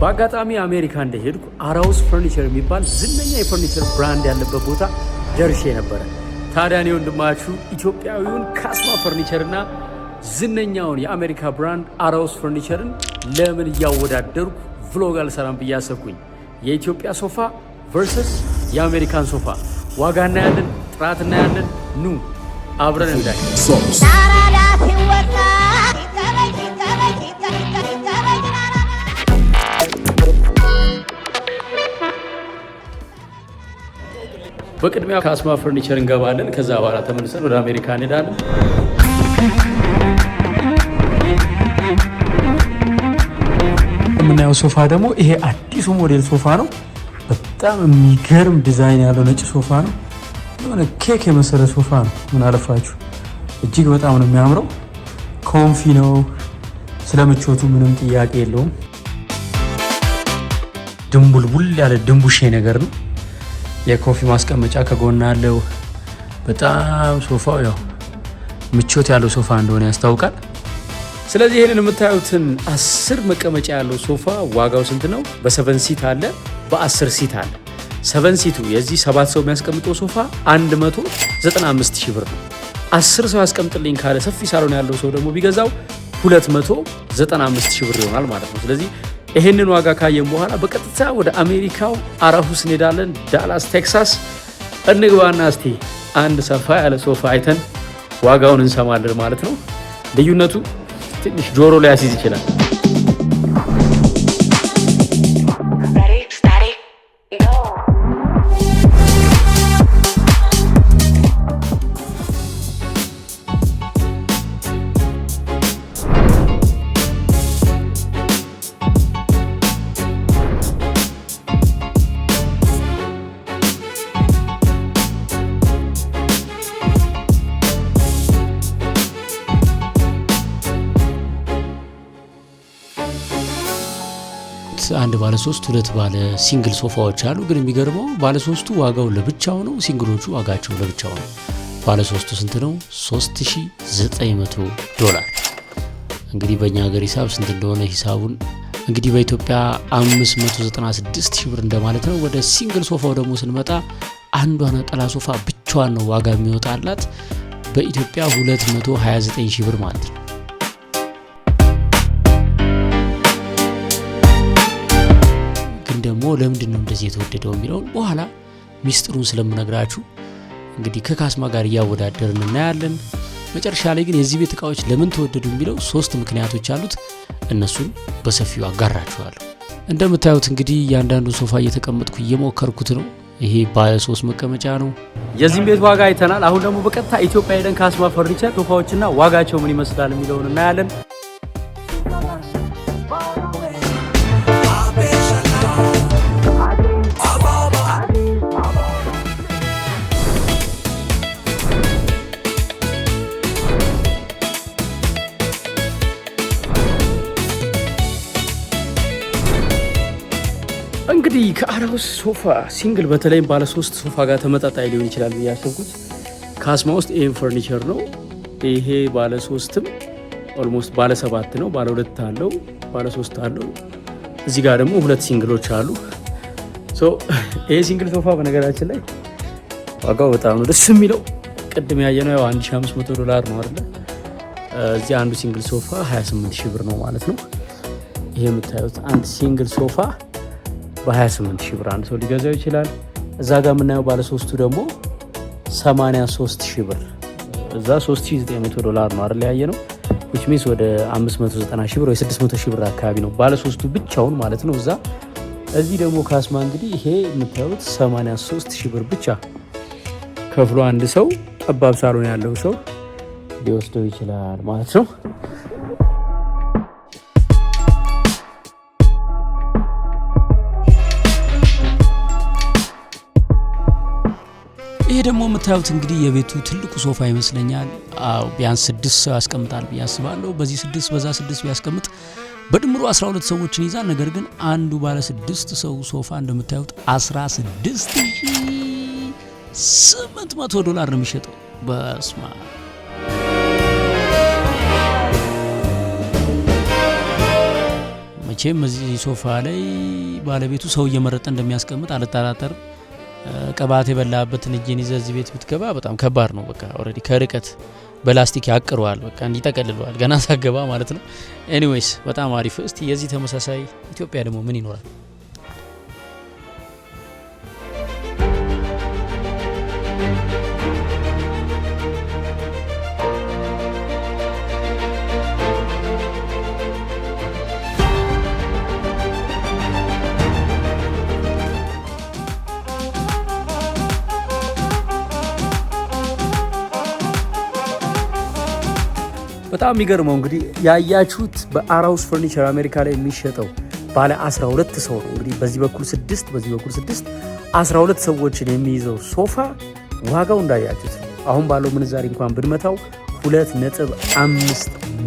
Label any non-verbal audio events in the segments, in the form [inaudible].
በአጋጣሚ አሜሪካ እንደሄድኩ አራውስ ፈርኒቸር የሚባል ዝነኛ የፈርኒቸር ብራንድ ያለበት ቦታ ደርሼ ነበረ። ታዲያ እኔ ወንድማችሁ ኢትዮጵያዊውን ካስማ ፈርኒቸርና ዝነኛውን የአሜሪካ ብራንድ አራውስ ፈርኒቸርን ለምን እያወዳደርኩ ቭሎግ አልሰራም ብዬ አሰብኩኝ። የኢትዮጵያ ሶፋ ቨርሰስ የአሜሪካን ሶፋ ዋጋ እናያለን፣ ጥራት እናያለን። ኑ አብረን እንዳይ በቅድሚያ ከአስማ ፈርኒቸር እንገባለን። ከዛ በኋላ ተመልሰን ወደ አሜሪካ እንሄዳለን። የምናየው ሶፋ ደግሞ ይሄ አዲሱ ሞዴል ሶፋ ነው። በጣም የሚገርም ዲዛይን ያለው ነጭ ሶፋ ነው። የሆነ ኬክ የመሰለ ሶፋ ነው። ምን አለፋችሁ እጅግ በጣም ነው የሚያምረው። ኮንፊ ነው። ስለ ምቾቱ ምንም ጥያቄ የለውም። ድንቡልቡል ያለ ድንቡሼ ነገር ነው። የኮፊ ማስቀመጫ ከጎን አለው። በጣም ሶፋው ያው ምቾት ያለው ሶፋ እንደሆነ ያስታውቃል። ስለዚህ ይህንን የምታዩትን አስር መቀመጫ ያለው ሶፋ ዋጋው ስንት ነው? በሰቨን ሲት አለ፣ በአስር ሲት አለ። ሰቨን ሲቱ የዚህ ሰባት ሰው የሚያስቀምጠው ሶፋ 195 ሺህ ብር ነው። አስር ሰው ያስቀምጥልኝ ካለ ሰፊ ሳሎን ያለው ሰው ደግሞ ቢገዛው 295 ሺህ ብር ይሆናል ማለት ነው። ስለዚህ ይሄንን ዋጋ ካየን በኋላ በቀጥታ ወደ አሜሪካው አራሁስ እንሄዳለን፣ ዳላስ ቴክሳስ እንግባና እስቲ አንድ ሰፋ ያለ ሶፋ አይተን ዋጋውን እንሰማለን ማለት ነው። ልዩነቱ ትንሽ ጆሮ ሊያስይዝ ይችላል። አንድ ባለ ሶስት ሁለት ባለ ሲንግል ሶፋዎች አሉ። ግን የሚገርመው ባለ ሶስቱ ዋጋው ለብቻው ነው፣ ሲንግሎቹ ዋጋቸው ለብቻው ነው። ባለ ሶስቱ ስንት ነው? 3900 ዶላር። እንግዲህ በእኛ ሀገር ሂሳብ ስንት እንደሆነ ሂሳቡን እንግዲህ በኢትዮጵያ 596 ሺህ ብር እንደማለት ነው። ወደ ሲንግል ሶፋው ደግሞ ስንመጣ አንዷ ነጠላ ሶፋ ብቻዋን ነው ዋጋ የሚወጣላት በኢትዮጵያ 229 ሺህ ብር ማለት ነው። ግን ደግሞ ለምንድን ነው እንደዚህ የተወደደው የሚለውን በኋላ ሚስጥሩን ስለምነግራችሁ እንግዲህ ከካስማ ጋር እያወዳደርን እናያለን። መጨረሻ ላይ ግን የዚህ ቤት እቃዎች ለምን ተወደዱ የሚለው ሶስት ምክንያቶች አሉት። እነሱን በሰፊው አጋራችኋለሁ። እንደምታዩት እንግዲህ እያንዳንዱ ሶፋ እየተቀመጥኩ እየሞከርኩት ነው። ይሄ ባለ ሶስት መቀመጫ ነው። የዚህም ቤት ዋጋ አይተናል። አሁን ደግሞ በቀጥታ ኢትዮጵያ ሄደን ካስማ ፈርኒቸር ሶፋዎችና ዋጋቸው ምን ይመስላል የሚለውን እናያለን። እንግዲህ ከአራውስ ሶፋ ሲንግል በተለይም ባለሶስት ሶፋ ጋር ተመጣጣኝ ሊሆን ይችላል ብዬ ያሰብኩት ከአስማ ውስጥ ይህም ፈርኒቸር ነው። ይሄ ባለሶስትም ኦልሞስት ባለሰባት ነው። ባለ ሁለት አለው፣ ባለሶስት አለው። እዚህ ጋር ደግሞ ሁለት ሲንግሎች አሉ። ይሄ ሲንግል ሶፋ በነገራችን ላይ ዋጋው በጣም ነው ደስ የሚለው። ቅድም ያየነው ያው 1500 ዶላር ነው አለ። እዚህ አንዱ ሲንግል ሶፋ 28 ሺህ ብር ነው ማለት ነው። ይሄ የምታዩት አንድ ሲንግል ሶፋ በ28 ሺህ ብር አንድ ሰው ሊገዛው ይችላል። እዛ ጋር የምናየው ባለሶስቱ ደግሞ 83 ሺህ ብር እዛ 3900 ዶላር ነው አይደል ያየ ነው ዊች ሚንስ ወደ 590 ሺህ ብር ወይ 600 ሺህ ብር አካባቢ ነው ባለሶስቱ ብቻውን ማለት ነው። እዛ እዚህ ደግሞ ካስማ እንግዲህ ይሄ የምታዩት 83 ሺህ ብር ብቻ ከፍሎ አንድ ሰው ጠባብ ሳሎን ያለው ሰው ሊወስደው ይችላል ማለት ነው። ይሄ ደግሞ የምታዩት እንግዲህ የቤቱ ትልቁ ሶፋ ይመስለኛል። አዎ ቢያንስ ስድስት ሰው ያስቀምጣል ብዬ አስባለሁ። በዚህ ስድስት በዛ ስድስት ቢያስቀምጥ በድምሩ 12 ሰዎችን ይዛል። ነገር ግን አንዱ ባለ ስድስት ሰው ሶፋ እንደምታዩት መቶ ዶላር ነው የሚሸጠው። በስማ መቼም እዚህ ሶፋ ላይ ባለቤቱ ሰው እየመረጠ እንደሚያስቀምጥ አልጠራጠርም። ቅባት የበላበትን እጅን ይዘ እዚህ ቤት ብትገባ በጣም ከባድ ነው። በቃ ኦልሬዲ ከርቀት በላስቲክ ያቅረዋል። በቃ እንዲጠቀልለዋል ገና ሳገባ ማለት ነው። ኤኒዌይስ በጣም አሪፍ። እስቲ የዚህ ተመሳሳይ ኢትዮጵያ ደግሞ ምን ይኖራል? በጣም የሚገርመው እንግዲህ ያያችሁት በአራውስ ፈርኒቸር አሜሪካ ላይ የሚሸጠው ባለ 12 ሰው ነው። እንግዲህ በዚህ በኩል ስድስት በዚህ በኩል 6 12 ሰዎችን የሚይዘው ሶፋ ዋጋው እንዳያችሁት አሁን ባለው ምንዛሬ እንኳን ብንመታው 2.5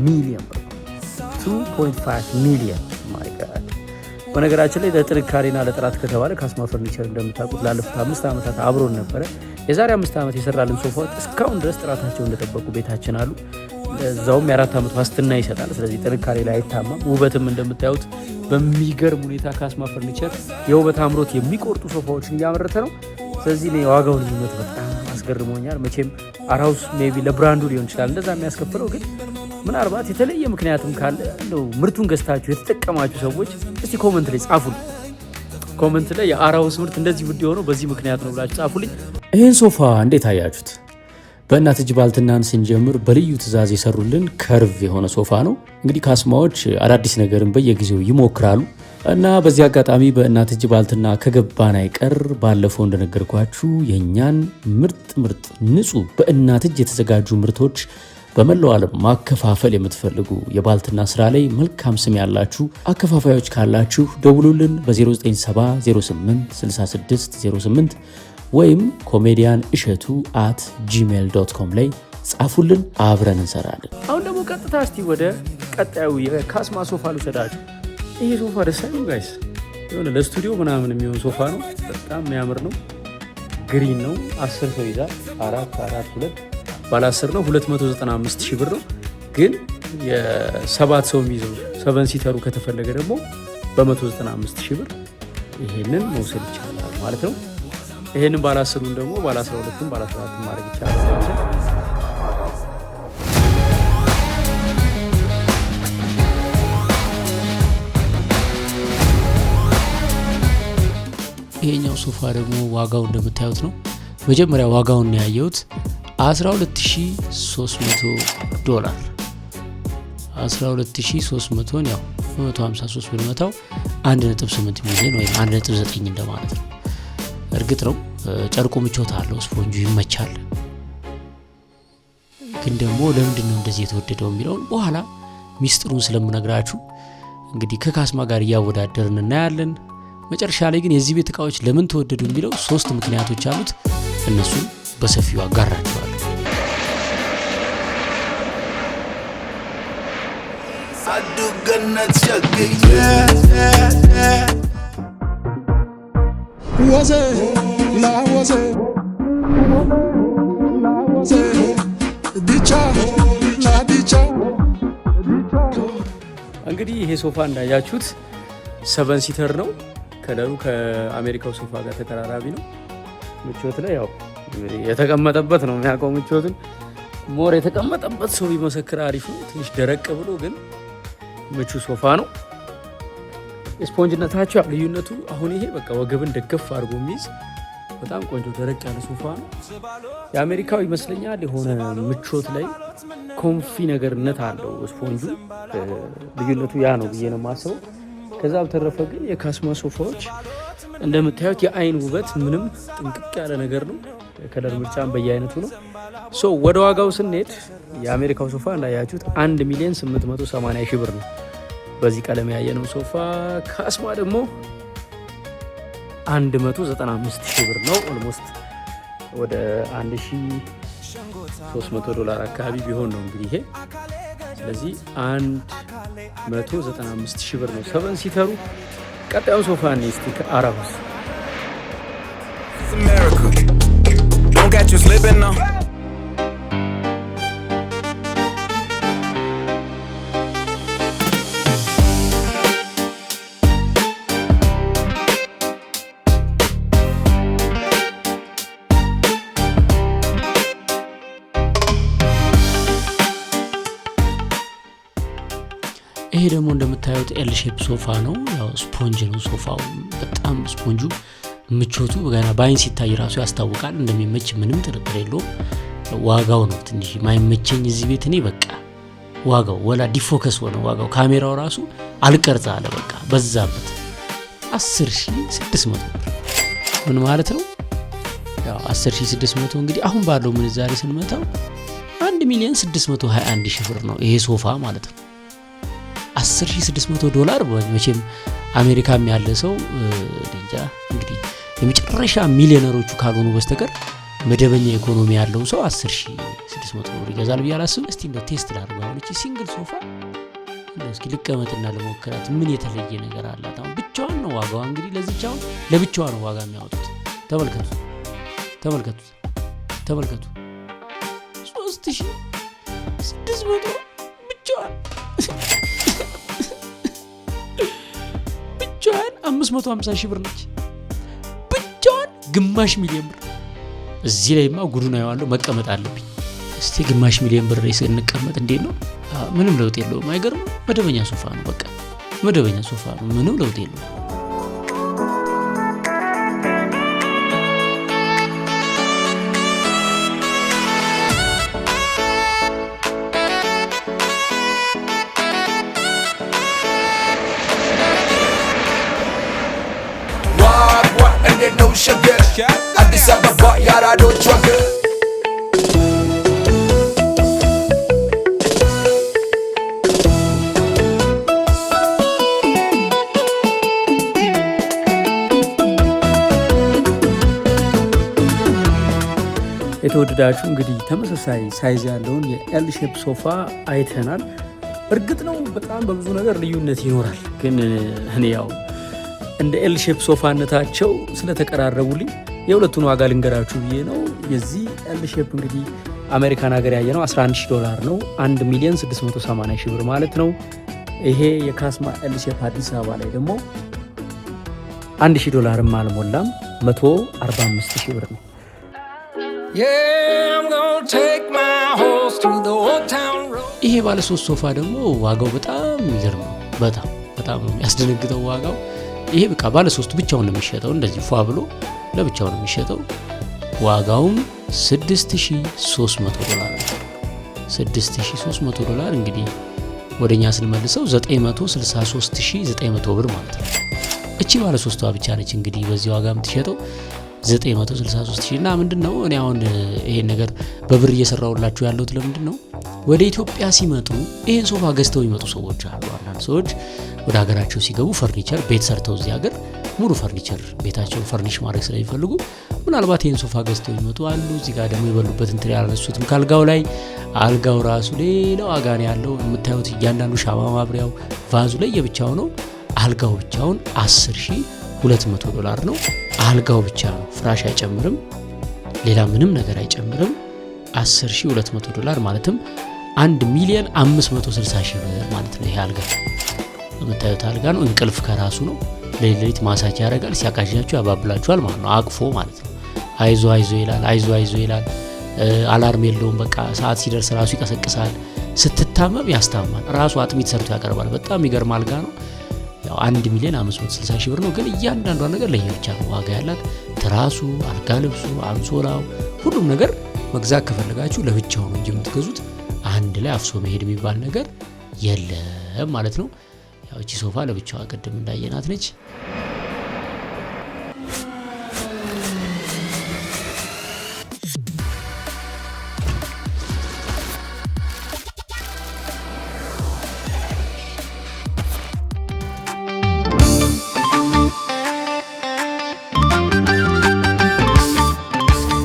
ሚሊዮን ብር 2.5 ሚሊዮን በነገራችን ላይ ለጥንካሬና ለጥራት ከተባለ ካስማ ፈርኒቸር እንደምታውቁት ላለፉት አምስት ዓመታት አብሮን ነበረ። የዛሬ አምስት ዓመት የሰራልን ሶፋዎች እስካሁን ድረስ ጥራታቸው እንደጠበቁ ቤታችን አሉ። እዛውም የአራት ዓመት ዋስትና ይሰጣል። ስለዚህ ጥንካሬ ላይ አይታማም። ውበትም እንደምታዩት በሚገርም ሁኔታ ካስማ ፈርኒቸር የውበት አምሮት የሚቆርጡ ሶፋዎችን እያመረተ ነው። ስለዚህ የዋጋው ልዩነት በጣም አስገርሞኛል። መቼም አራውስ ሜይ ቢ ለብራንዱ ሊሆን ይችላል እንደዛ የሚያስከፍለው ግን ምናልባት የተለየ ምክንያትም ካለ እንደው ምርቱን ገዝታችሁ የተጠቀማችሁ ሰዎች እስቲ ኮመንት ላይ ጻፉልኝ። ኮመንት ላይ የአራውስ ምርት እንደዚህ ውድ የሆነው በዚህ ምክንያት ነው ብላችሁ ጻፉልኝ። ይህን ሶፋ እንዴት አያችሁት? በእናት እጅ ባልትናን ስንጀምር በልዩ ትዕዛዝ የሰሩልን ከርቭ የሆነ ሶፋ ነው። እንግዲህ ካስማዎች አዳዲስ ነገርን በየጊዜው ይሞክራሉ እና በዚህ አጋጣሚ በእናት እጅ ባልትና ከገባን አይቀር ባለፈው እንደነገርኳችሁ የእኛን ምርጥ ምርጥ ንጹህ በእናት እጅ የተዘጋጁ ምርቶች በመላው ዓለም ማከፋፈል የምትፈልጉ የባልትና ስራ ላይ መልካም ስም ያላችሁ አከፋፋዮች ካላችሁ ደውሉልን በ0970 8 66 08 ወይም ኮሜዲያን እሸቱ አት ጂሜል ዶት ኮም ላይ ጻፉልን፣ አብረን እንሰራለን። አሁን ደግሞ ቀጥታ እስቲ ወደ ቀጣዩ የካስማ ሶፋ ልውሰዳችሁ። ይህ ሶፋ ደስ አይሉ ጋይስ? የሆነ ለስቱዲዮ ምናምን የሚሆን ሶፋ ነው። በጣም የሚያምር ነው። ግሪን ነው። አስር ሰው ይዛል። አራት አራት ሁለት ባለ አስር ነው። 295 ሺህ ብር ነው። ግን የሰባት ሰው የሚይዘው ሰቨን ሲተሩ ከተፈለገ ደግሞ በ195 ሺህ ብር ይሄንን መውሰድ ይቻላል ማለት ነው። ይህን ባለ አስሩን ደግሞ ባለ አስራ ሁለትም ባለ አስራ አራትም ማድረግ ይቻላል። ይሄኛው ሶፋ ደግሞ ዋጋው እንደምታዩት ነው። መጀመሪያ ዋጋውን ያየሁት 12300 ዶላር 12300 ያው 153 ብንመታው 1.8 ሚሊዮን ወይም 1.9 እንደማለት ነው። እርግጥ ነው ጨርቁ ምቾት አለው፣ ስፖንጁ ይመቻል። ግን ደግሞ ለምንድን ነው እንደዚህ የተወደደው የሚለውን በኋላ ሚስጥሩን ስለምነግራችሁ እንግዲህ ከካስማ ጋር እያወዳደርን እናያለን። መጨረሻ ላይ ግን የዚህ ቤት እቃዎች ለምን ተወደዱ የሚለው ሶስት ምክንያቶች አሉት። እነሱን በሰፊው አጋራቸዋል። ወዘ ላወዘ ላወዘ ዲቻ ዲቻ ዲቻ እንግዲህ ይሄ ሶፋ እንዳያችሁት ሰቨን ሲተር ነው። ከለሩ ከአሜሪካው ሶፋ ጋር ተቀራራቢ ነው። ምቾት ላይ ያው የተቀመጠበት ነው የሚያውቀው ምቾትን ሞር የተቀመጠበት ሰው ቢመሰክር አሪፍ ነው። ትንሽ ደረቅ ብሎ ግን ምቹ ሶፋ ነው። ስፖንጅነታቸው ልዩነቱ አሁን ይሄ በቃ ወገብን ደገፍ አድርጎ የሚይዝ በጣም ቆንጆ ደረቅ ያለ ሶፋ ነው። የአሜሪካው ይመስለኛል። የሆነ ምቾት ላይ ኮንፊ ነገርነት አለው ስፖንጁ። ልዩነቱ ያ ነው ብዬ ነው የማስበው። ከዛ በተረፈ ግን የካስማ ሶፋዎች እንደምታዩት የአይን ውበት ምንም ጥንቅቅ ያለ ነገር ነው። ከለር ምርጫን በየአይነቱ ነው። ሶ ወደ ዋጋው ስንሄድ የአሜሪካው ሶፋ እንዳያችሁት 1 ሚሊዮን 880 ሺህ ብር ነው። በዚህ ቀለም ያየነው ሶፋ ከአስማ ደግሞ 195 ሺህ ብር ነው። ኦልሞስት ወደ 1300 ዶላር አካባቢ ቢሆን ነው እንግዲህ ይሄ። ስለዚህ 195 ሺህ ብር ነው ሰቨን ሲተሩ። ቀጣዩን ሶፋ እኔ እስኪ ደግሞ እንደምታዩት ኤል ሼፕ ሶፋ ነው። ያው ስፖንጅ ነው ሶፋው። በጣም ስፖንጁ ምቾቱ ገና በአይን ሲታይ ራሱ ያስታውቃል። እንደሚመች ምንም ጥርጥር የለ ዋጋው ነው ትንሽ ማይመቸኝ እዚህ ቤት እኔ በቃ ዋጋው ወላ ዲፎከስ ሆነ ዋጋው ካሜራው ራሱ አልቀርጻ አለ በቃ በዛበት 10600 ብር ምን ማለት ነው? ያው 10600 እንግዲህ አሁን ባለው ምንዛሬ ስንመታው 1 ሚሊዮን 621 ሺህ ብር ነው ይሄ ሶፋ ማለት ነው። 10600 ዶላር መቼም አሜሪካም ያለ ሰው እንጃ እንግዲህ የመጨረሻ ሚሊዮነሮቹ ካልሆኑ በስተቀር መደበኛ ኢኮኖሚ ያለው ሰው 10600 ዶላር ይገዛል ብዬ አላስብም። እስቲ እንደ ቴስት ላድርገው። አሁን እቺ ሲንግል ሶፋ እስኪ ልቀመጥና ለሞከራት ምን የተለየ ነገር አላት? አሁን ብቻዋን ነው ዋጋዋ። እንግዲህ ለዚች አሁን ለብቻዋ ነው ዋጋ የሚያወጡት። ተመልከቱ፣ ተመልከቱ፣ ተመልከቱ። 3600 ብቻዋን 550 ሺህ ብር ነች ብቻዋን ግማሽ ሚሊዮን ብር። እዚህ ላይማ ጉዱን አየዋለሁ። መቀመጥ አለብኝ። እስቲ ግማሽ ሚሊዮን ብር ላይ ስንቀመጥ እንዴት ነው? ምንም ለውጥ የለውም። አይገርም። መደበኛ ሶፋ ነው። በቃ መደበኛ ሶፋ ነው። ምንም ለውጥ የለውም። አዲስ አበባ የአራዶች የተወደዳችሁ እንግዲህ ተመሳሳይ ሳይዝ ያለውን የኤል ሼፕ ሶፋ አይተናል። እርግጥ ነው በጣም በብዙ ነገር ልዩነት ይኖራል፣ ግን እኔ ያው እንደ ኤልሼፕ ሶፋነታቸው ስለተቀራረቡልኝ የሁለቱን ዋጋ ልንገራችሁ ብዬ ነው። የዚህ ኤልሼፕ እንግዲህ አሜሪካን ሀገር ያየ ነው 11 ሺ ዶላር ነው 1 ሚሊዮን 680 ሺ ብር ማለት ነው። ይሄ የካስማ ኤልሼፕ አዲስ አበባ ላይ ደግሞ 1 ሺ ዶላርም አልሞላም 145 ሺ ብር ነው። ይሄ ባለሶስት ሶፋ ደግሞ ዋጋው በጣም ይገርም፣ በጣም በጣም ያስደነግጠው ዋጋው ይሄ በቃ ባለ ሶስቱ ብቻውን ነው የሚሸጠው። እንደዚህ ፏ ብሎ ለብቻው ነው የሚሸጠው። ዋጋውም 6300 ዶላር ነው። 6300 ዶላር እንግዲህ ወደኛ ስንመልሰው 963900 ብር ማለት ነው። እቺ ባለ ሶስቷ ብቻ ነች እንግዲህ በዚህ ዋጋ የምትሸጠው 963000 እና ምንድን ነው እኔ አሁን ይሄን ነገር በብር እየሰራውላችሁ ያለሁት ለምንድን ነው ወደ ኢትዮጵያ ሲመጡ ይህን ሶፋ ገዝተው የሚመጡ ሰዎች አሉ። አንዳንድ ሰዎች ወደ ሀገራቸው ሲገቡ ፈርኒቸር ቤት ሰርተው እዚህ ሀገር ሙሉ ፈርኒቸር ቤታቸውን ፈርኒሽ ማድረግ ስለሚፈልጉ ምናልባት ይህን ሶፋ ገዝተው የሚመጡ አሉ። እዚህ ጋር ደግሞ የበሉበት እንትን ያላነሱትም ከአልጋው ላይ አልጋው ራሱ ሌላው ዋጋ ያለው። የምታዩት እያንዳንዱ ሻማ ማብሪያው ቫዙ ላይ የብቻው ነው። አልጋው ብቻውን 10200 ዶላር ነው። አልጋው ብቻ ነው። ፍራሽ አይጨምርም፣ ሌላ ምንም ነገር አይጨምርም። 10200 ዶላር ማለትም 1 ሚሊዮን 560 ሺህ ብር ማለት ነው። ይሄ አልጋ የምታዩት አልጋ ነው። እንቅልፍ ከራሱ ነው። ሌሊት ማሳጅ ያደርጋል። ሲያቃዣችሁ ያባብላችኋል ማለት ነው። አቅፎ ማለት ነው። አይዞ አይዞ ይላል። አይዞ አይዞ ይላል። አላርም የለውም። በቃ ሰዓት ሲደርስ ራሱ ይቀሰቅሳል። ስትታመም ያስታማል። ራሱ አጥሚት ሰርቶ ያቀርባል። በጣም የሚገርም አልጋ ነው። ያው 1 ሚሊዮን 560 ሺህ ብር ነው። ግን እያንዳንዷ ነገር ለየብቻ ነው ዋጋ ያላት። ትራሱ፣ አልጋ ልብሱ፣ አንሶላው፣ ሁሉም ነገር መግዛት ከፈለጋችሁ ለብቻው ነው እንጂ የምትገዙት አንድ ላይ አፍሶ መሄድ የሚባል ነገር የለም ማለት ነው። ያው እቺ ሶፋ ለብቻዋ ቅድም እንዳየናት ነች።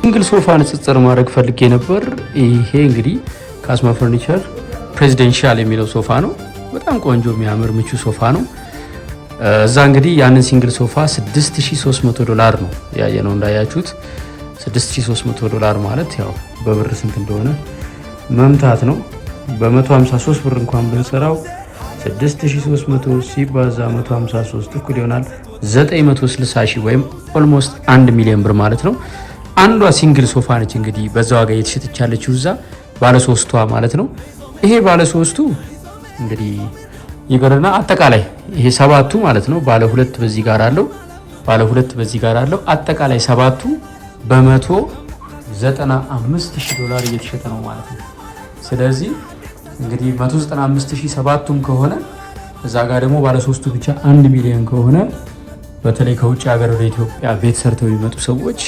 ሲንግል ሶፋ ንጽጽር ማድረግ ፈልጌ ነበር። ይሄ እንግዲህ ካስማ ፈርኒቸር ፕሬዚደንሻል የሚለው ሶፋ ነው። በጣም ቆንጆ የሚያምር ምቹ ሶፋ ነው። እዛ እንግዲህ ያንን ሲንግል ሶፋ 6300 ዶላር ነው ያየ ነው እንዳያችሁት 6300 ዶላር ማለት ያው በብር ስንት እንደሆነ መምታት ነው። በ153 ብር እንኳን ብንሰራው 6300 ሲባዛ 153 እኩል ይሆናል 960 ሺህ ወይም ኦልሞስት 1 ሚሊዮን ብር ማለት ነው። አንዷ ሲንግል ሶፋ ነች እንግዲህ በዛ ዋጋ እየተሸጠች ያለችው እዛ ባለሶስቷ ማለት ነው። ይሄ ባለሶስቱ እንግዲህ ይቅርና አጠቃላይ ይሄ ሰባቱ ማለት ነው። ባለ ሁለት በዚህ ጋር አለው፣ ባለ ሁለት በዚህ ጋር አለው። አጠቃላይ ሰባቱ በመቶ ዘጠና አምስት ሺህ ዶላር እየተሸጠ ነው ማለት ነው። ስለዚህ እንግዲህ 195 ሺህ ሰባቱም ከሆነ እዛ ጋር ደግሞ ባለሶስቱ ብቻ አንድ ሚሊዮን ከሆነ በተለይ ከውጭ ሀገር ወደ ኢትዮጵያ ቤት ሰርተው የሚመጡ ሰዎች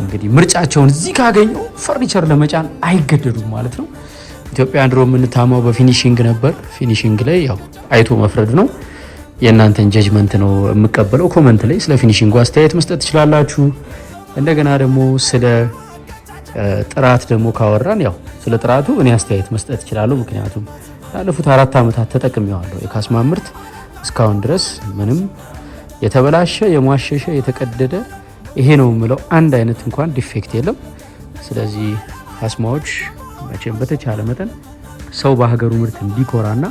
እንግዲህ ምርጫቸውን እዚህ ካገኙ ፈርኒቸር ለመጫን አይገደዱም ማለት ነው። ኢትዮጵያ ድሮ የምንታማው በፊኒሽንግ ነበር። ፊኒሽንግ ላይ ያው አይቶ መፍረድ ነው። የእናንተን ጀጅመንት ነው የምቀበለው። ኮመንት ላይ ስለ ፊኒሽንጉ አስተያየት መስጠት ትችላላችሁ። እንደገና ደግሞ ስለ ጥራት ደግሞ ካወራን ያው ስለ ጥራቱ እኔ አስተያየት መስጠት እችላለሁ። ምክንያቱም ላለፉት አራት ዓመታት ተጠቅሜዋለሁ። የካስማ ምርት እስካሁን ድረስ ምንም የተበላሸ የሟሸሸ የተቀደደ ይሄ ነው የምለው። አንድ አይነት እንኳን ዲፌክት የለም። ስለዚህ አስማዎች መቼም በተቻለ መጠን ሰው በሀገሩ ምርት እንዲኮራና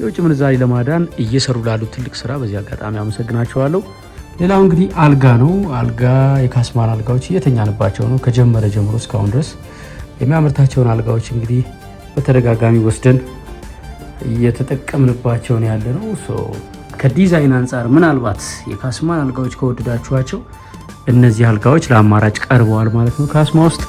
የውጭ ምንዛሪ ለማዳን እየሰሩ ላሉት ትልቅ ስራ በዚህ አጋጣሚ አመሰግናቸዋለሁ። ሌላው እንግዲህ አልጋ ነው። አልጋ የካስማን አልጋዎች እየተኛንባቸው ነው ከጀመረ ጀምሮ እስካሁን ድረስ የሚያመርታቸውን አልጋዎች እንግዲህ በተደጋጋሚ ወስደን እየተጠቀምንባቸው ያለ ነው። ከዲዛይን አንጻር ምናልባት የካስማን አልጋዎች ከወደዳችኋቸው እነዚህ አልጋዎች ለአማራጭ ቀርበዋል ማለት ነው። ካስማ ውስጥ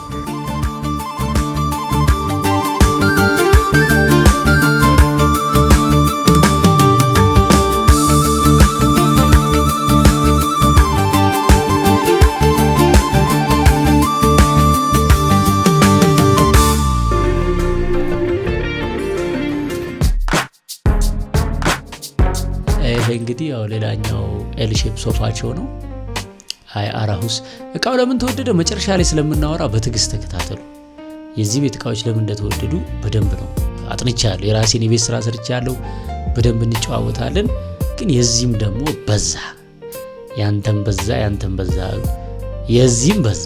ላሁስ እቃው ለምን ተወደደ መጨረሻ ላይ ስለምናወራ በትዕግስት ተከታተሉ። የዚህ ቤት እቃዎች ለምን እንደተወደዱ በደንብ ነው አጥንቻለሁ። የራሴን የቤት ስራ ሰርቻለሁ። በደንብ እንጨዋወታለን። ግን የዚህም ደግሞ በዛ ያንተም በዛ ያንተም በዛ የዚህም በዛ።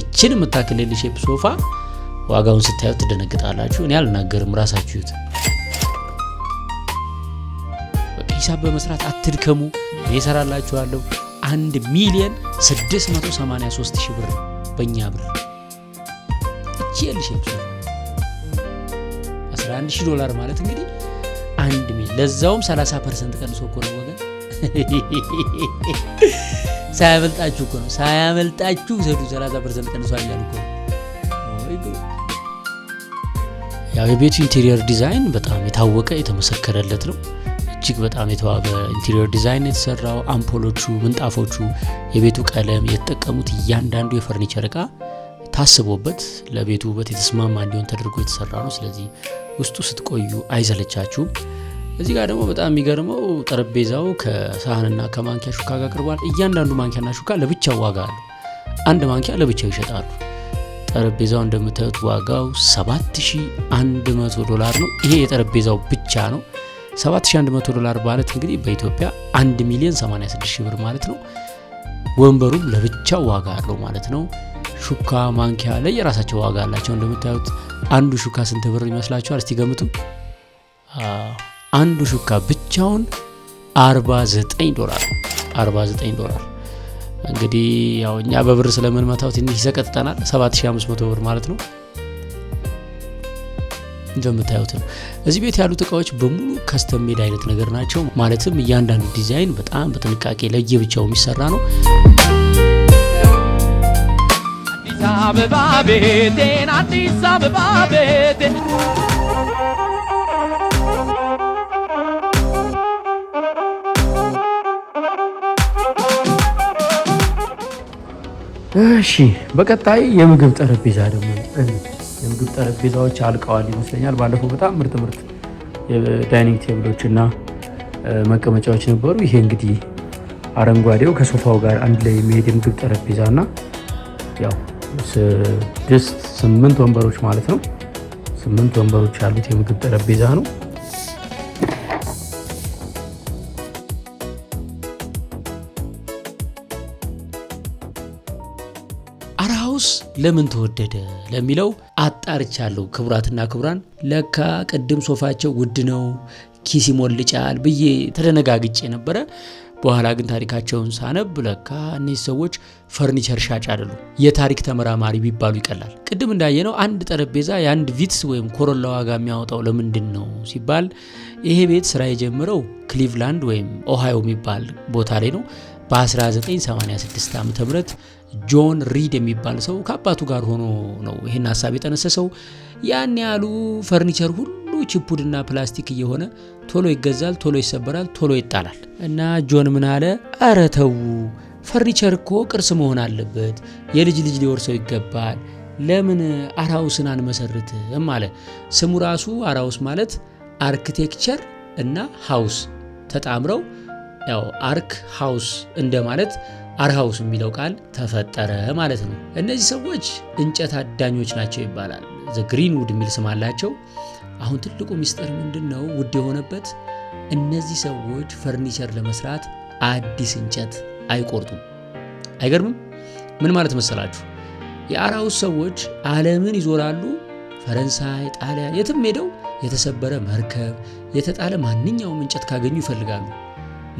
እችን የምታክልል ሼፕ ሶፋ ዋጋውን ስታዩት ትደነግጣላችሁ። እኔ አልናገርም፣ ራሳችሁ እዩት። ሂሳብ በመስራት አትድከሙ። እኔ እሰራላችኋለሁ። 1 ሚሊዮን 683 ሺህ ብር በእኛ ብር ይችልሽ 11 ሺህ ዶላር ማለት እንግዲህ አንድ ሚል ለዛውም 30 ፐርሰንት ቀንሶ እኮ ነው ወገን፣ [laughs] ሳያመልጣችሁ እኮ ነው ሳያመልጣችሁ ዘዱ 30 ፐርሰንት ቀንሶ አያል እኮ ያው የቤቱ ኢንቴሪየር ዲዛይን በጣም የታወቀ የተመሰከረለት ነው። እጅግ በጣም የተዋበ ኢንቴሪየር ዲዛይን የተሰራው፣ አምፖሎቹ፣ ምንጣፎቹ፣ የቤቱ ቀለም፣ የተጠቀሙት እያንዳንዱ የፈርኒቸር እቃ ታስቦበት ለቤቱ ውበት የተስማማ እንዲሆን ተደርጎ የተሰራ ነው። ስለዚህ ውስጡ ስትቆዩ አይሰለቻችሁም። እዚህ ጋር ደግሞ በጣም የሚገርመው ጠረጴዛው ከሳህንና ከማንኪያ ሹካ ጋር ቀርቧል። እያንዳንዱ ማንኪያና ሹካ ለብቻው ዋጋ አለው። አንድ ማንኪያ ለብቻው ይሸጣሉ። ጠረጴዛው እንደምታዩት ዋጋው 7100 ዶላር ነው። ይሄ የጠረጴዛው ብቻ ነው። 7100 ዶላር ማለት እንግዲህ በኢትዮጵያ 1 ሚሊዮን 86 ሺህ ብር ማለት ነው። ወንበሩም ለብቻው ዋጋ አለው ማለት ነው። ሹካ ማንኪያ የራሳቸው ዋጋ አላቸው። እንደምታዩት አንዱ ሹካ ስንት ብር ይመስላችኋል? እስቲ ገምቱ። አንዱ ሹካ ብቻውን 49 ዶላር 49 ዶላር እንግዲህ ያው እኛ በብር ስለምንመታው ትንሽ ይሰቀጥጠናል። 7500 ብር ማለት ነው። እንደምታዩት ነው። እዚህ ቤት ያሉት እቃዎች በሙሉ ከስተም ሜድ አይነት ነገር ናቸው። ማለትም እያንዳንዱ ዲዛይን በጣም በጥንቃቄ ለየብቻው የሚሰራ ነው። አዲስ አበባ ቤቴን አዲስ አበባ ቤቴን እሺ በቀጣይ የምግብ ጠረጴዛ ደግሞ የምግብ ጠረጴዛዎች አልቀዋል ይመስለኛል። ባለፈው በጣም ምርጥ ምርጥ የዳይኒንግ ቴብሎች እና መቀመጫዎች ነበሩ። ይሄ እንግዲህ አረንጓዴው ከሶፋው ጋር አንድ ላይ የሚሄድ የምግብ ጠረጴዛ እና ያው ስድስት ስምንት ወንበሮች ማለት ነው። ስምንት ወንበሮች ያሉት የምግብ ጠረጴዛ ነው። ለምን ተወደደ ለሚለው አጣርቻለሁ። ክቡራትና ክቡራን ለካ ቅድም ሶፋቸው ውድ ነው ኪስ ይሞልጫል ብዬ ተደነጋግጬ ነበረ። በኋላ ግን ታሪካቸውን ሳነብ ለካ እነዚህ ሰዎች ፈርኒቸር ሻጭ አይደሉም፣ የታሪክ ተመራማሪ ቢባሉ ይቀላል። ቅድም እንዳየነው አንድ ጠረጴዛ የአንድ ቪትስ ወይም ኮሮላ ዋጋ የሚያወጣው ለምንድን ነው ሲባል ይሄ ቤት ስራ የጀመረው ክሊቭላንድ ወይም ኦሃዮ የሚባል ቦታ ላይ ነው በ1986 ዓ ም ጆን ሪድ የሚባል ሰው ከአባቱ ጋር ሆኖ ነው ይህን ሀሳብ የጠነሰሰው። ያን ያሉ ፈርኒቸር ሁሉ ችፑድና ፕላስቲክ እየሆነ ቶሎ ይገዛል፣ ቶሎ ይሰበራል፣ ቶሎ ይጣላል እና ጆን ምን አለ፣ ኧረ ፈርኒቸር እኮ ቅርስ መሆን አለበት፣ የልጅ ልጅ ሊወርሰው ይገባል። ለምን አራውስን አንመሰርትም አለ። ስሙ ራሱ አራውስ ማለት አርክቴክቸር እና ሃውስ ተጣምረው ያው አርክ ሃውስ እንደማለት አርሃውስ የሚለው ቃል ተፈጠረ ማለት ነው። እነዚህ ሰዎች እንጨት አዳኞች ናቸው ይባላል። ዘ ግሪንውድ የሚል ስም አላቸው። አሁን ትልቁ ሚስጥር ምንድን ነው? ውድ የሆነበት እነዚህ ሰዎች ፈርኒቸር ለመስራት አዲስ እንጨት አይቆርጡም። አይገርምም? ምን ማለት መሰላችሁ? የአርሃውስ ሰዎች ዓለምን ይዞራሉ። ፈረንሳይ፣ ጣሊያን፣ የትም ሄደው የተሰበረ መርከብ፣ የተጣለ ማንኛውም እንጨት ካገኙ ይፈልጋሉ።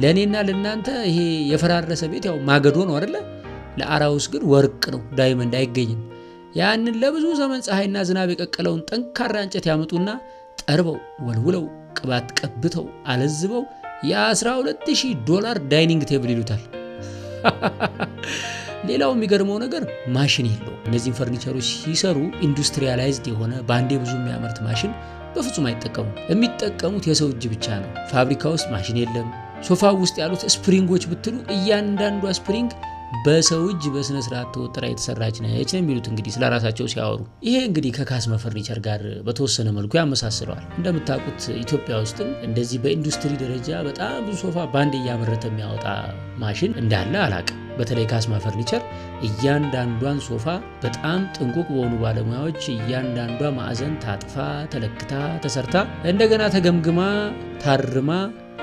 ለእኔና ለእናንተ ይሄ የፈራረሰ ቤት ያው ማገዶ ነው አደለ? ለአራውስ ግን ወርቅ ነው፣ ዳይመንድ አይገኝም። ያንን ለብዙ ዘመን ፀሐይና ዝናብ የቀቀለውን ጠንካራ እንጨት ያመጡና ጠርበው ወልውለው ቅባት ቀብተው አለዝበው የ12000 ዶላር ዳይኒንግ ቴብል ይሉታል። [laughs] ሌላው የሚገርመው ነገር ማሽን የለው። እነዚህን ፈርኒቸሮች ሲሰሩ ኢንዱስትሪያላይዝድ የሆነ በአንዴ ብዙ የሚያመርት ማሽን በፍጹም አይጠቀሙም። የሚጠቀሙት የሰው እጅ ብቻ ነው። ፋብሪካ ውስጥ ማሽን የለም። ሶፋ ውስጥ ያሉት ስፕሪንጎች ብትሉ እያንዳንዷ ስፕሪንግ በሰው እጅ በስነ ስርዓት ተወጥራ የተሰራች ነች ነው የሚሉት። እንግዲህ ስለ ራሳቸው ሲያወሩ ይሄ እንግዲህ ከካስመ ፈርኒቸር ጋር በተወሰነ መልኩ ያመሳስለዋል። እንደምታውቁት ኢትዮጵያ ውስጥም እንደዚህ በኢንዱስትሪ ደረጃ በጣም ብዙ ሶፋ በአንድ እያመረተ የሚያወጣ ማሽን እንዳለ አላቅም። በተለይ ካስማ ፈርኒቸር እያንዳንዷን ሶፋ በጣም ጥንቁቅ በሆኑ ባለሙያዎች እያንዳንዷ ማዕዘን ታጥፋ፣ ተለክታ፣ ተሰርታ እንደገና ተገምግማ ታርማ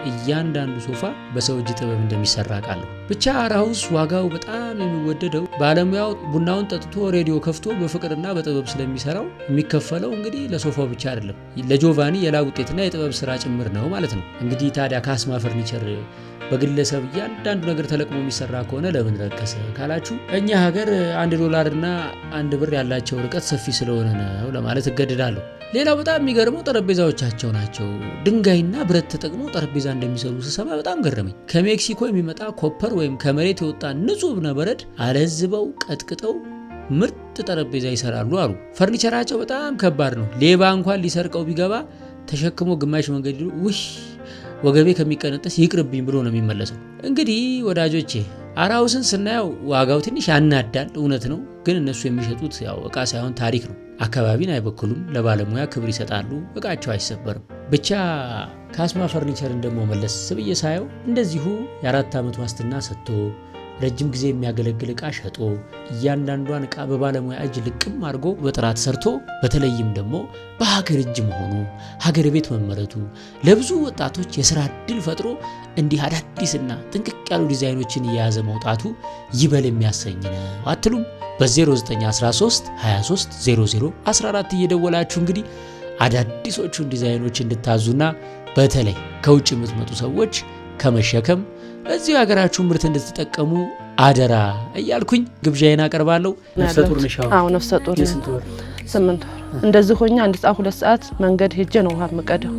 እያንዳንዱ ሶፋ በሰው እጅ ጥበብ እንደሚሰራ ቃለሁ። ብቻ አራውስ ዋጋው በጣም የሚወደደው ባለሙያው ቡናውን ጠጥቶ ሬዲዮ ከፍቶ በፍቅርና በጥበብ ስለሚሰራው የሚከፈለው እንግዲህ ለሶፋው ብቻ አይደለም፣ ለጆቫኒ የላብ ውጤትና የጥበብ ስራ ጭምር ነው ማለት ነው። እንግዲህ ታዲያ ካስማ ፈርኒቸር በግለሰብ እያንዳንዱ ነገር ተለቅሞ የሚሰራ ከሆነ ለምን ረከሰ ካላችሁ እኛ ሀገር አንድ ዶላርና አንድ ብር ያላቸው ርቀት ሰፊ ስለሆነ ነው ለማለት እገድዳለሁ። ሌላው በጣም የሚገርመው ጠረጴዛዎቻቸው ናቸው። ድንጋይና ብረት ተጠቅመው ጠረጴዛ እንደሚሰሩ ስሰማ በጣም ገረመኝ። ከሜክሲኮ የሚመጣ ኮፐር ወይም ከመሬት የወጣ ንጹህ እብነበረድ አለዝበው ቀጥቅጠው ምርጥ ጠረጴዛ ይሰራሉ አሉ። ፈርኒቸራቸው በጣም ከባድ ነው። ሌባ እንኳን ሊሰርቀው ቢገባ ተሸክሞ ግማሽ መንገድ ውሽ ወገቤ ከሚቀነጠስ ይቅርብኝ ብሎ ነው የሚመለሰው። እንግዲህ ወዳጆቼ አራውስን ስናየው ዋጋው ትንሽ ያናዳል፣ እውነት ነው። ግን እነሱ የሚሸጡት ያው እቃ ሳይሆን ታሪክ ነው። አካባቢን አይበክሉም፣ ለባለሙያ ክብር ይሰጣሉ፣ እቃቸው አይሰበርም። ብቻ ካስማ ፈርኒቸርን ደግሞ መለስ ስብዬ ሳየው እንደዚሁ የአራት ዓመት ዋስትና ሰጥቶ ረጅም ጊዜ የሚያገለግል ዕቃ ሸጦ እያንዳንዷን ዕቃ በባለሙያ እጅ ልቅም አድርጎ በጥራት ሰርቶ በተለይም ደግሞ በሀገር እጅ መሆኑ ሀገር ቤት መመረቱ ለብዙ ወጣቶች የስራ እድል ፈጥሮ እንዲህ አዳዲስና ጥንቅቅ ያሉ ዲዛይኖችን እየያዘ መውጣቱ ይበል የሚያሰኝ ነው አትሉም? በ0913 23 00 14 እየደወላችሁ እንግዲህ አዳዲሶቹን ዲዛይኖች እንድታዙና በተለይ ከውጭ የምትመጡ ሰዎች ከመሸከም በዚሁ ሀገራችሁ ምርት እንድትጠቀሙ አደራ እያልኩኝ ግብዣዬን አቀርባለሁ። ነፍሰ ስምንት ወር እንደዚህ ሆኜ አንድ ሰዓት ሁለት ሰዓት መንገድ ሄጄ ነው ውሃ የምቀደው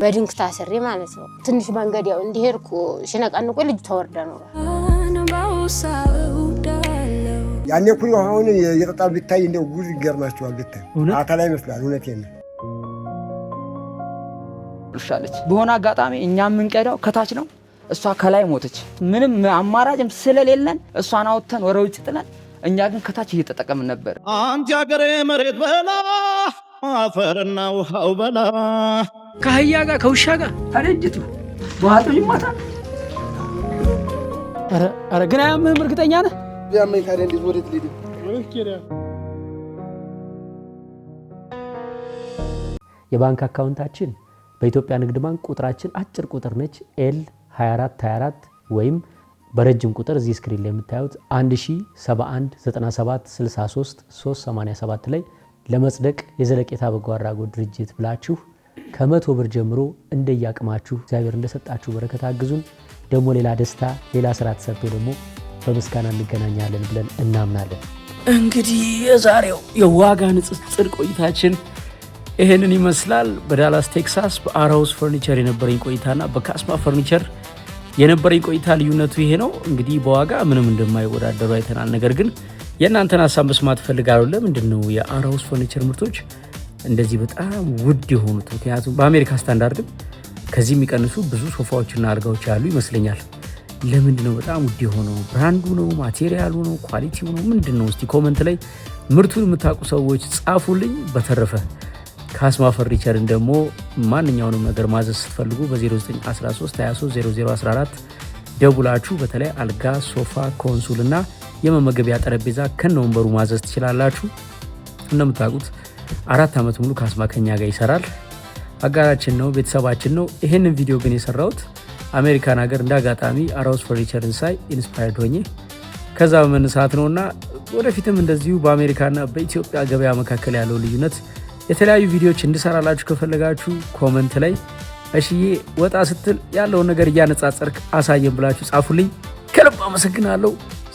በድንክ ታስሬ ማለት ነው። ትንሽ መንገድ ያው እንዲሄድኩ ሽነቃንቆ ልጅ ተወርደ ነው ያኔ ኩኝ ውሃውን የጠጣ ቢታይ እንደ ጉድ ይገርማቸዋል። ብታይ አካላ ይመስላል። እውነት ነው ሻለች በሆነ አጋጣሚ እኛ የምንቀዳው ከታች ነው እሷ ከላይ ሞተች። ምንም አማራጭም ስለሌለን እሷን አውጥተን ወደ ውጭ ጥለን፣ እኛ ግን ከታች እየተጠቀምን ነበር። አንቺ ሀገሬ መሬት በላ አፈርና ውሃው በላ ከአህያ ጋር ከውሻ ጋር ተለጅቱ በዋጡ ይሞታ። ኧረ ግን አያምህም? እርግጠኛ ነህ? ያመኝ ታዲያ እንዴት ወዴት ሊድ የባንክ አካውንታችን በኢትዮጵያ ንግድ ባንክ ቁጥራችን አጭር ቁጥር ነች ኤል 24 24 ወይም በረጅም ቁጥር እዚህ ስክሪን ላይ የምታዩት 1071 97 63 387 ላይ ለመጽደቅ የዘለቄታ በጎ አድራጎት ድርጅት ብላችሁ ከመቶ ብር ጀምሮ እንደያቅማችሁ እግዚአብሔር እንደሰጣችሁ በረከት አግዙን። ደግሞ ሌላ ደስታ፣ ሌላ ስራ ተሰርቶ ደግሞ በምስጋና እንገናኛለን ብለን እናምናለን። እንግዲህ የዛሬው የዋጋ ንጽጽር ቆይታችን ይህንን ይመስላል። በዳላስ ቴክሳስ በአራውስ ፈርኒቸር የነበረኝ ቆይታና በካስማ ፈርኒቸር የነበረኝ ቆይታ ልዩነቱ ይሄ ነው። እንግዲህ በዋጋ ምንም እንደማይወዳደሩ አይተናል። ነገር ግን የእናንተን ሀሳብ መስማት እፈልጋለሁ። ለምንድን ነው የአራውስ ፈርኒቸር ምርቶች እንደዚህ በጣም ውድ የሆኑት? ምክንያቱም በአሜሪካ ስታንዳርድም ከዚህ የሚቀንሱ ብዙ ሶፋዎችና አልጋዎች ያሉ ይመስለኛል። ለምንድን ነው በጣም ውድ የሆነው? ብራንዱ ነው? ማቴሪያሉ ነው? ኳሊቲው ነው? ምንድን ነው? እስቲ ኮመንት ላይ ምርቱን የምታውቁ ሰዎች ጻፉልኝ። በተረፈ ካስማ ፈርኒቸርን ደግሞ ማንኛውንም ነገር ማዘዝ ስትፈልጉ በ0913230014 ደውላችሁ በተለይ አልጋ፣ ሶፋ፣ ኮንሱል እና የመመገቢያ ጠረጴዛ ከነ ወንበሩ ማዘዝ ትችላላችሁ። እንደምታውቁት አራት ዓመት ሙሉ ካስማ ከኛ ጋር ይሰራል። አጋራችን ነው፣ ቤተሰባችን ነው። ይህንን ቪዲዮ ግን የሰራሁት አሜሪካን ሀገር እንደ አጋጣሚ አራውስ ፈርኒቸርን ሳይ ኢንስፓየርድ ሆኜ ከዛ በመነሳት ነውና ወደፊትም እንደዚሁ በአሜሪካና በኢትዮጵያ ገበያ መካከል ያለው ልዩነት የተለያዩ ቪዲዮዎች እንድሰራላችሁ ከፈለጋችሁ ኮመንት ላይ እሽዬ ወጣ ስትል ያለውን ነገር እያነጻጸርክ አሳየን ብላችሁ ጻፉልኝ። ከልብ አመሰግናለሁ።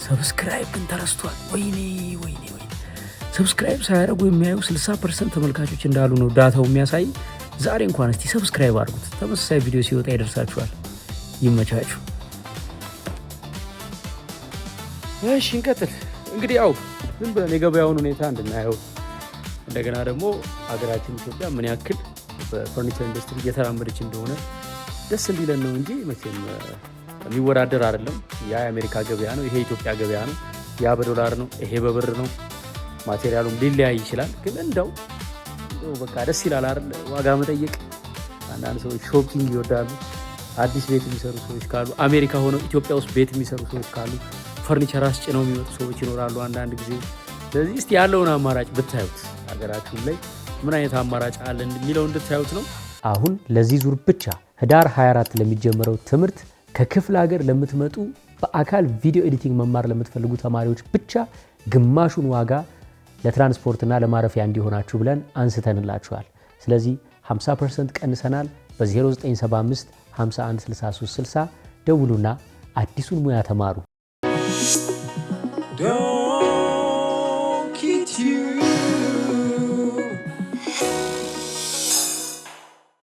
ሰብስክራይብ ግን ተረስቷል። ወይኔ ወይኔ ወይ ሰብስክራይብ ሳያደርጉ የሚያዩ 60 ፐርሰንት ተመልካቾች እንዳሉ ነው ዳታው የሚያሳይ። ዛሬ እንኳን እስቲ ሰብስክራይብ አድርጉት። ተመሳሳይ ቪዲዮ ሲወጣ ይደርሳችኋል። ይመቻችሁ። እሺ እንቀጥል። እንግዲህ ያው ዝም ብለን የገበያውን ሁኔታ እንድናየው እንደገና ደግሞ ሀገራችን ኢትዮጵያ ምን ያክል በፈርኒቸር ኢንዱስትሪ እየተራመደች እንደሆነ ደስ እንዲለን ነው እንጂ መቼም የሚወዳደር አይደለም። ያ የአሜሪካ ገበያ ነው፣ ይሄ የኢትዮጵያ ገበያ ነው። ያ በዶላር ነው፣ ይሄ በብር ነው። ማቴሪያሉም ሊለያይ ይችላል፣ ግን እንደው በቃ ደስ ይላል አይደል? ዋጋ መጠየቅ። አንዳንድ ሰዎች ሾፒንግ ይወዳሉ። አዲስ ቤት የሚሰሩ ሰዎች ካሉ፣ አሜሪካ ሆነው ኢትዮጵያ ውስጥ ቤት የሚሰሩ ሰዎች ካሉ፣ ፈርኒቸር አስጭነው የሚመጡ ሰዎች ይኖራሉ አንዳንድ ጊዜ። ስለዚህ እስቲ ያለውን አማራጭ ብታዩት ሀገራችን ላይ ምን አይነት አማራጭ አለ የሚለው እንድታዩት ነው። አሁን ለዚህ ዙር ብቻ ህዳር 24 ለሚጀምረው ትምህርት ከክፍለ ሀገር ለምትመጡ በአካል ቪዲዮ ኤዲቲንግ መማር ለምትፈልጉ ተማሪዎች ብቻ ግማሹን ዋጋ ለትራንስፖርትና ለማረፊያ እንዲሆናችሁ ብለን አንስተንላችኋል። ስለዚህ 50 ፐርሰንት ቀንሰናል። በ0975 51 63 60 ደውሉና አዲሱን ሙያ ተማሩ።